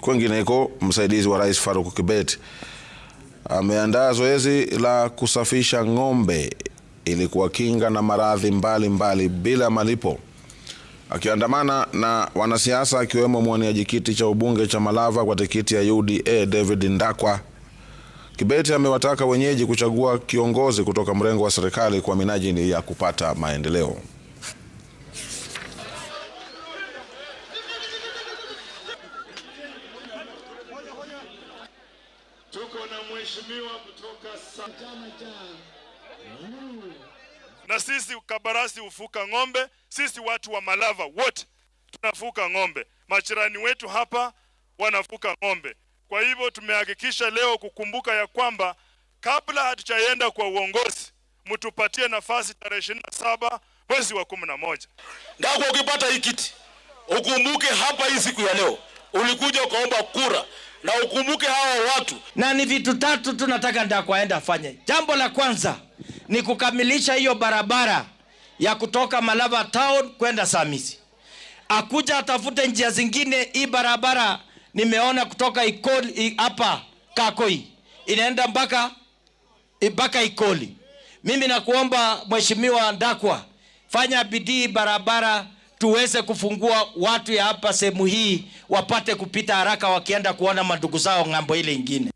Kwengineko, msaidizi wa rais Faruk Kibet ameandaa zoezi la kusafisha ng'ombe ili kuwakinga na maradhi mbalimbali bila malipo. Akiandamana na wanasiasa akiwemo mwaniaji kiti cha ubunge cha Malava kwa tikiti ya UDA David Ndakwa, Kibet amewataka wenyeji kuchagua kiongozi kutoka mrengo wa serikali kwa minajili ya kupata maendeleo. Tuko na mheshimiwa kutoka chama cha na sisi Kabarasi hufuka ng'ombe. Sisi watu wa Malava wote tunafuka ng'ombe, machirani wetu hapa wanafuka ng'ombe. Kwa hivyo tumehakikisha leo kukumbuka ya kwamba kabla hatujaenda kwa uongozi, mtupatie nafasi tarehe ishirini na saba mwezi wa kumi na moja ndako ukipata hii kiti ukumbuke hapa, hii siku ya leo ulikuja ukaomba kura na ukumbuke hawa watu. Na ni vitu tatu tu nataka ndakwaenda afanye. Jambo la kwanza ni kukamilisha hiyo barabara ya kutoka Malava town kwenda Samisi, akuja atafute njia zingine. Hii barabara nimeona kutoka Ikoli hapa Kakoi inaenda mpaka mpaka Ikoli. Mimi nakuomba mheshimiwa Ndakwa, fanya bidii barabara tuweze kufungua watu ya hapa sehemu hii wapate kupita haraka wakienda kuona mandugu zao ng'ambo ile ingine.